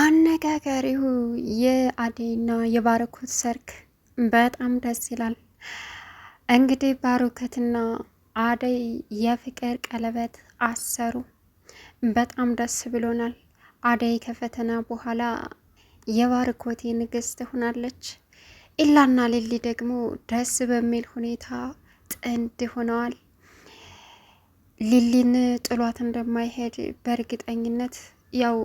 አነጋጋሪው የአዴና የባርኮት ሰርግ በጣም ደስ ይላል። እንግዲህ ባረኮትና አደይ የፍቅር ቀለበት አሰሩ። በጣም ደስ ብሎናል። አደይ ከፈተና በኋላ የባርኮቴ ንግስት ሆናለች። ኢላና ሊሊ ደግሞ ደስ በሚል ሁኔታ ጥንድ ሆነዋል። ሊሊን ጥሏት እንደማይሄድ በእርግጠኝነት ያው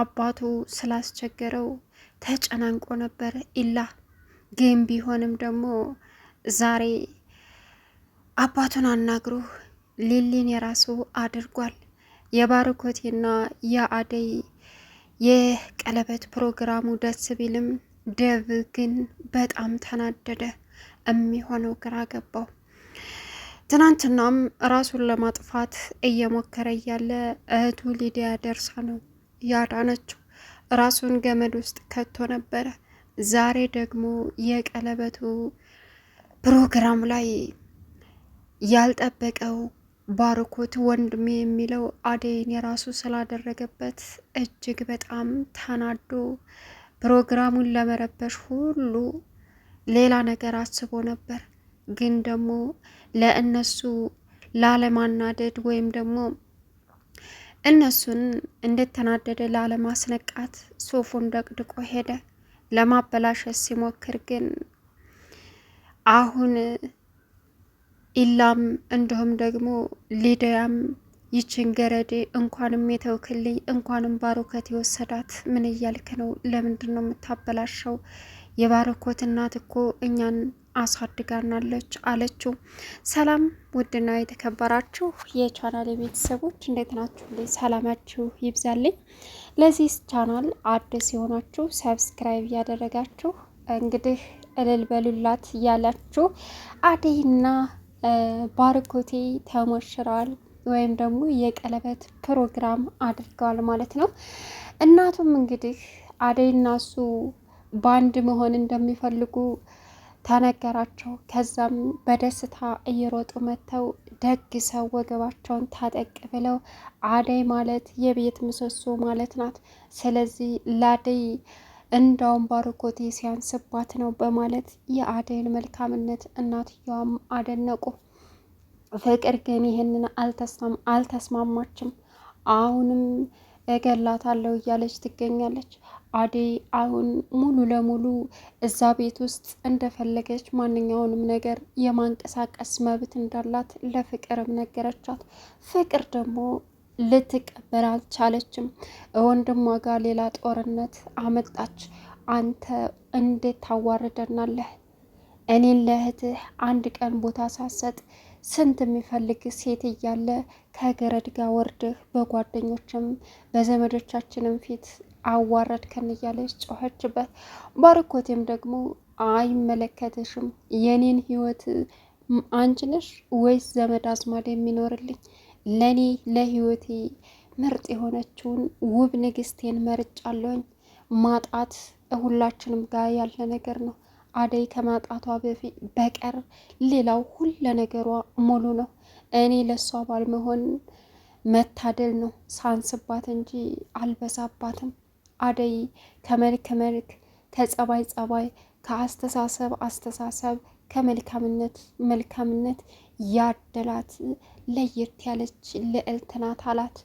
አባቱ ስላስቸገረው ተጨናንቆ ነበር። ኢላ ግን ቢሆንም ደግሞ ዛሬ አባቱን አናግሮ ሊሊን የራሱ አድርጓል። የባርኮቴና የአደይ የቀለበት ፕሮግራሙ ደስ ቢልም ደብ ግን በጣም ተናደደ። የሚሆነው ግራ ገባው። ትናንትናም ራሱን ለማጥፋት እየሞከረ እያለ እህቱ ሊዲያ ደርሳ ነው ያዳነችው። ራሱን ገመድ ውስጥ ከቶ ነበረ። ዛሬ ደግሞ የቀለበቱ ፕሮግራም ላይ ያልጠበቀው ባርኮት ወንድሜ የሚለው አደይን የራሱ ስላደረገበት እጅግ በጣም ተናዶ ፕሮግራሙን ለመረበሽ ሁሉ ሌላ ነገር አስቦ ነበር። ግን ደግሞ ለእነሱ ላለማናደድ ወይም ደግሞ እነሱን እንደተናደደ ላለማስነቃት ሱፉን ደቅድቆ ሄደ። ለማበላሸት ሲሞክር ግን አሁን ኢላም እንዲሁም ደግሞ ሊዲያም ይችን ገረዴ እንኳንም የተውክልኝ እንኳንም ባሮከት የወሰዳት ምን እያልክ ነው? ለምንድን ነው የምታበላሸው? የባሮኮት እናት እኮ እኛን አሳድጋናለች አለችው። ሰላም ውድና የተከበራችሁ የቻናል የቤተሰቦች እንዴት ናችሁ? ላይ ሰላማችሁ ይብዛልኝ። ለዚህ ቻናል አዲስ የሆናችሁ ሰብስክራይብ እያደረጋችሁ እንግዲህ እልል በሉላት እያላችሁ አደይና ባርኮቴ ተሞሽረዋል ወይም ደግሞ የቀለበት ፕሮግራም አድርገዋል ማለት ነው። እናቱም እንግዲህ አደይና እሱ በአንድ መሆን እንደሚፈልጉ ተነገራቸው። ከዛም በደስታ እየሮጡ መጥተው ደግሰው ወገባቸውን ታጠቅ ብለው አደይ ማለት የቤት ምሰሶ ማለት ናት። ስለዚህ ላደይ እንዳውም ባርኮቴ ሲያንስባት ነው በማለት የአደይን መልካምነት እናትየዋም አደነቁ። ፍቅር ግን ይህንን አልተስማማችም። አሁንም እገላታለሁ እያለች ትገኛለች። አዴ አሁን ሙሉ ለሙሉ እዛ ቤት ውስጥ እንደፈለገች ማንኛውንም ነገር የማንቀሳቀስ መብት እንዳላት ለፍቅርም ነገረቻት። ፍቅር ደግሞ ልትቀበል አልቻለችም። ወንድሟ ጋር ሌላ ጦርነት አመጣች። አንተ እንዴት ታዋርደናለህ? እኔን ለእህትህ አንድ ቀን ቦታ ሳሰጥ ስንት የሚፈልግ ሴት እያለ ከገረድ ጋር ወርድህ በጓደኞችም በዘመዶቻችንም ፊት አዋረድከን እያለች ጮኸችበት። ባርኮቴም ደግሞ አይመለከትሽም፣ የኔን ህይወት አንቺ ነሽ ወይስ ዘመድ አዝማድ የሚኖርልኝ? ለኔ ለህይወቴ ምርጥ የሆነችውን ውብ ንግስቴን መርጫለኝ። ማጣት ሁላችንም ጋር ያለ ነገር ነው። አደይ ከማጣቷ በፊት በቀር ሌላው ሁለ ነገሯ ሙሉ ነው። እኔ ለእሷ ባልመሆን መታደል ነው። ሳንስባት እንጂ አልበዛባትም። አደይ ከመልክ መልክ ከጸባይ ጸባይ ከአስተሳሰብ አስተሳሰብ ከመልካምነት መልካምነት ያደላት ለየት ያለች ልዕልት ናት አላት።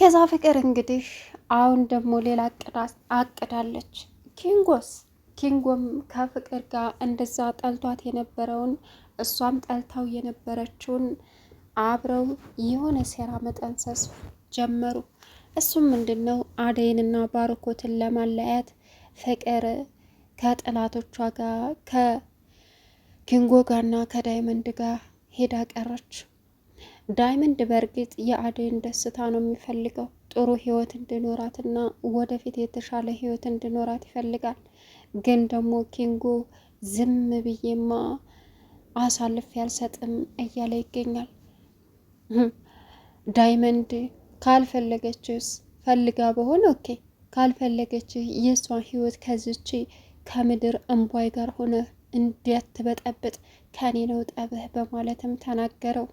ከዛ ፍቅር እንግዲህ አሁን ደግሞ ሌላ አቅዳለች። ኪንጎስ ኪንጎም ከፍቅር ጋር እንደዛ ጠልቷት የነበረውን እሷም ጠልታው የነበረችውን አብረው የሆነ ሴራ መጠንሰስ ጀመሩ። እሱም ምንድን ነው አደይንና ባርኮትን ለማለያት ፍቅር ከጠላቶቿ ጋር ከኪንጎ ጋርና ከዳይመንድ ጋር ሄዳ ቀረች። ዳይመንድ በእርግጥ የአደይን ደስታ ነው የሚፈልገው። ጥሩ ህይወት እንድኖራትና ወደፊት የተሻለ ህይወት እንድኖራት ይፈልጋል። ግን ደግሞ ኪንጎ ዝም ብዬማ አሳልፍ ያልሰጥም እያለ ይገኛል ዳይመንድ ካልፈለገችስ ፈልጋ በሆነ ኦኬ ካልፈለገችህ የእሷን ህይወት ከዝቼ ከምድር እንቧይ ጋር ሆነ እንዲያትበጠብጥ ከኔ ነው ጠብህ በማለትም ተናገረው።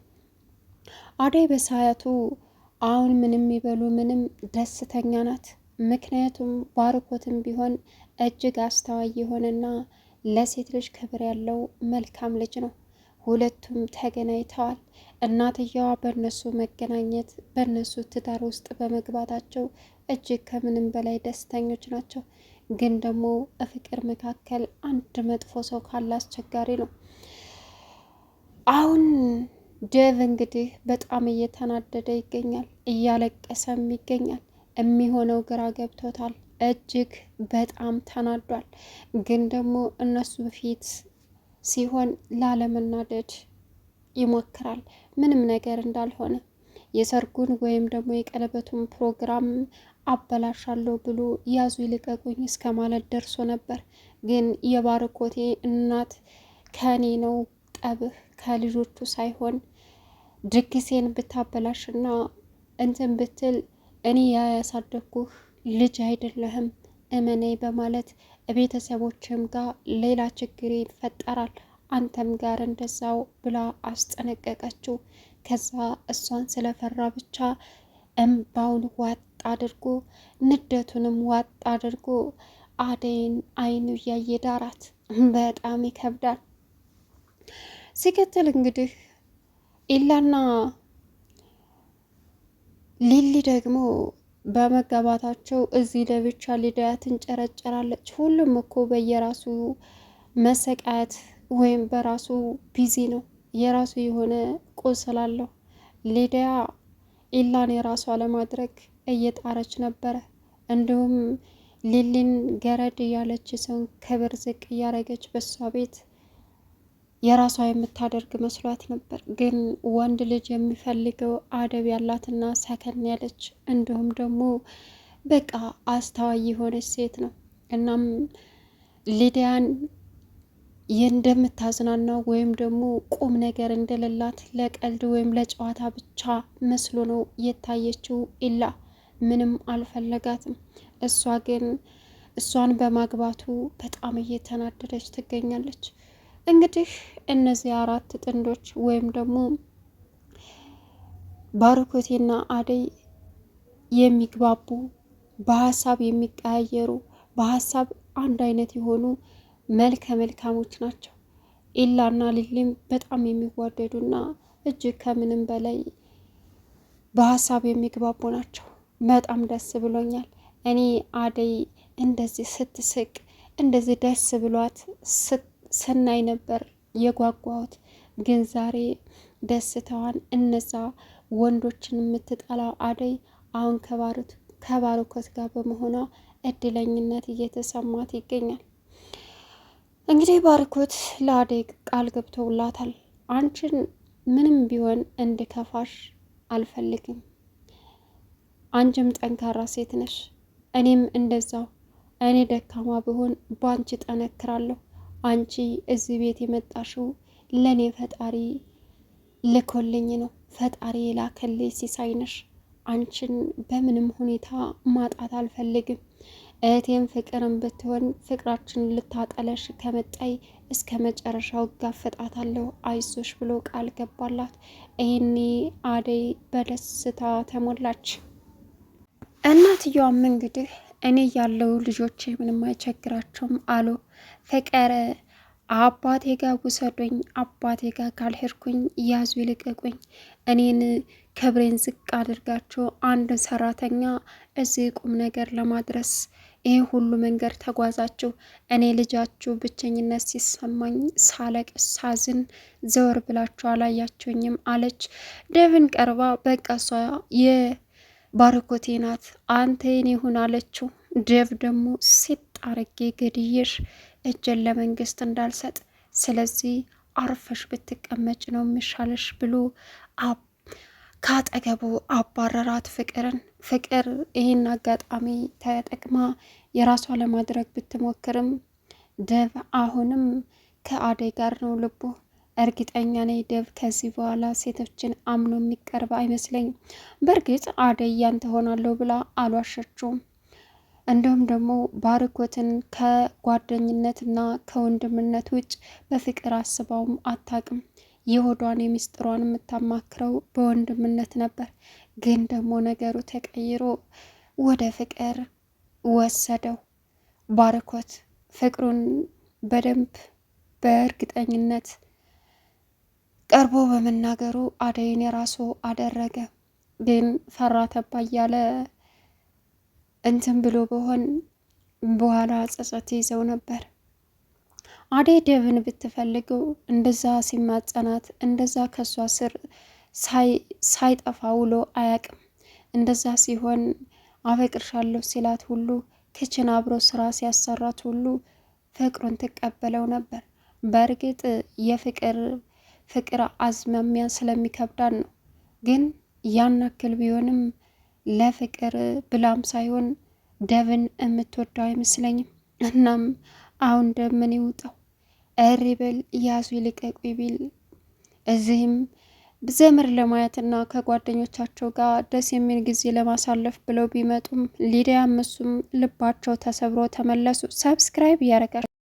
አደይ በሰዓቱ አሁን ምንም ይበሉ ምንም ደስተኛ ናት። ምክንያቱም ባርኮትም ቢሆን እጅግ አስተዋይ የሆነና ለሴት ልጅ ክብር ያለው መልካም ልጅ ነው። ሁለቱም ተገናኝተዋል። እናትየዋ በእነሱ መገናኘት በእነሱ ትዳር ውስጥ በመግባታቸው እጅግ ከምንም በላይ ደስተኞች ናቸው። ግን ደግሞ በፍቅር መካከል አንድ መጥፎ ሰው ካለ አስቸጋሪ ነው። አሁን ደቭ እንግዲህ በጣም እየተናደደ ይገኛል፣ እያለቀሰም ይገኛል። የሚሆነው ግራ ገብቶታል። እጅግ በጣም ተናዷል። ግን ደግሞ እነሱ ፊት ሲሆን ላለመናደድ ይሞክራል። ምንም ነገር እንዳልሆነ የሰርጉን ወይም ደግሞ የቀለበቱን ፕሮግራም አበላሻለሁ ብሎ ያዙ ይልቀቁኝ እስከ ማለት ደርሶ ነበር። ግን የባርኮቴ እናት ከኔ ነው ጠብህ ከልጆቹ ሳይሆን ድግሴን ብታበላሽና እንትን ብትል እኔ ያያሳደግኩህ ልጅ አይደለህም እመኔ በማለት ቤተሰቦችም ጋር ሌላ ችግር ይፈጠራል። አንተም ጋር እንደዛው ብላ አስጠነቀቀችው። ከዛ እሷን ስለፈራ ብቻ እምባውን ዋጥ አድርጎ ንደቱንም ዋጥ አድርጎ አደይን አይኑ እያየ ዳራት። በጣም ይከብዳል። ሲከተል እንግዲህ ኢላና ሊሊ ደግሞ በመጋባታቸው እዚህ ለብቻ ሊዳያትን ጨረጨራለች። ሁሉም እኮ በየራሱ መሰቃየት ወይም በራሱ ቢዚ ነው፣ የራሱ የሆነ ቁስል አለው። ሊዲያ ኢላን የራሷ ለማድረግ እየጣረች ነበረ። እንዲሁም ሊሊን ገረድ እያለች ሰውን ክብር ዝቅ እያደረገች በሷ ቤት የራሷ የምታደርግ መስሏት ነበር። ግን ወንድ ልጅ የሚፈልገው አደብ ያላትና ሰከን ያለች እንዲሁም ደግሞ በቃ አስተዋይ የሆነች ሴት ነው። እናም ሊዲያን እንደምታዝናናው ወይም ደግሞ ቁም ነገር እንደሌላት ለቀልድ ወይም ለጨዋታ ብቻ መስሎ ነው የታየችው። ኢላ ምንም አልፈለጋትም። እሷ ግን እሷን በማግባቱ በጣም እየተናደደች ትገኛለች። እንግዲህ እነዚህ አራት ጥንዶች ወይም ደግሞ ባርኮቴና አደይ የሚግባቡ በሀሳብ የሚቀያየሩ በሀሳብ አንድ አይነት የሆኑ መልከ መልካሞች ናቸው። ኢላና ሊሊም በጣም የሚዋደዱና እጅግ ከምንም በላይ በሀሳብ የሚግባቡ ናቸው። በጣም ደስ ብሎኛል። እኔ አደይ እንደዚህ ስትስቅ እንደዚህ ደስ ብሏት ስናይ ነበር የጓጓሁት። ግን ዛሬ ደስታዋን እነዛ ወንዶችን የምትጠላው አደይ አሁን ከባሩት ከባሩኮት ጋር በመሆኗ እድለኝነት እየተሰማት ይገኛል። እንግዲህ ባርኮት ለአደይ ቃል ገብተውላታል። አንቺን ምንም ቢሆን እንድከፋሽ አልፈልግም። አንቺም ጠንካራ ሴት ነሽ፣ እኔም እንደዛው። እኔ ደካማ ብሆን በአንቺ ጠነክራለሁ። አንቺ እዚህ ቤት የመጣሽው ለእኔ ፈጣሪ ልኮልኝ ነው። ፈጣሪ የላከልኝ ሲሳይ ነሽ። አንቺን በምንም ሁኔታ ማጣት አልፈልግም። እህቴም ፍቅርን ብትሆን ፍቅራችን ልታጠለሽ ከመጣይ እስከ መጨረሻው ጋፈጣታለሁ አይዞሽ ብሎ ቃል ገባላት። ይሄኔ አደይ በደስታ ተሞላች። እናትየዋም እንግዲህ እኔ ያለው ልጆቼ ምንም አይቸግራቸውም አሉ ፍቅር አባቴ ጋር ውሰዱኝ፣ አባቴ ጋር ካልሄድኩኝ ያዙ ይልቀቁኝ እኔን ክብሬን ዝቅ አድርጋችሁ አንድን ሰራተኛ እዚህ ቁም ነገር ለማድረስ ይህ ሁሉ መንገድ ተጓዛችሁ። እኔ ልጃችሁ ብቸኝነት ሲሰማኝ ሳለቅ ሳዝን ዘወር ብላችሁ አላያችሁኝም አለች። ደብን ቀርባ በቃ እሷ የባርኮቴ ናት አንተ የኔ ይሁን አለችው። ደብ ደግሞ ሲጥ አርጌ ግድይር እጀን ለመንግስት እንዳልሰጥ ስለዚህ አርፈሽ ብትቀመጭ ነው የሚሻለሽ ብሎ አባ ከአጠገቡ አባረራት ፍቅርን። ፍቅር ይህን አጋጣሚ ተጠቅማ የራሷ ለማድረግ ብትሞክርም ደብ አሁንም ከአደይ ጋር ነው ልቡ። እርግጠኛ ነኝ ደብ ከዚህ በኋላ ሴቶችን አምኖ የሚቀርብ አይመስለኝም። በእርግጥ አደይ ያንተ ሆናለሁ ብላ አልዋሸችውም። እንዲሁም ደግሞ ባርኮትን ከጓደኝነትና ከወንድምነት ውጭ በፍቅር አስባውም አታቅም። የሆዷን የሚስጥሯን የምታማክረው በወንድምነት ነበር። ግን ደግሞ ነገሩ ተቀይሮ ወደ ፍቅር ወሰደው። ባርኮት ፍቅሩን በደንብ በእርግጠኝነት ቀርቦ በመናገሩ አደይን የራሱ አደረገ። ግን ፈራ ተባ እያለ እንትን ብሎ በሆን በኋላ ጸጸት ይዘው ነበር። አዴ ደብን ብትፈልገው እንደዛ ሲማጸናት እንደዛ ከሷ ስር ሳይጠፋ ውሎ አያቅም። እንደዛ ሲሆን አፈቅርሻለሁ ሲላት ሁሉ ክችን አብሮ ስራ ሲያሰራት ሁሉ ፍቅሩን ትቀበለው ነበር። በእርግጥ የፍቅር ፍቅር አዝማሚያ ስለሚከብዳን ነው። ግን ያን ያክል ቢሆንም ለፍቅር ብላም ሳይሆን ደብን የምትወደው አይመስለኝም። እናም አሁን ደምን ይውጠው እሪ ብል ያዙ ይልቀቁ ቢል እዚህም ዘምር ለማየትና ከጓደኞቻቸው ጋር ደስ የሚል ጊዜ ለማሳለፍ ብለው ቢመጡም ሊዲያም እሱም ልባቸው ተሰብሮ ተመለሱ። ሰብስክራይብ እያደረጋችሁ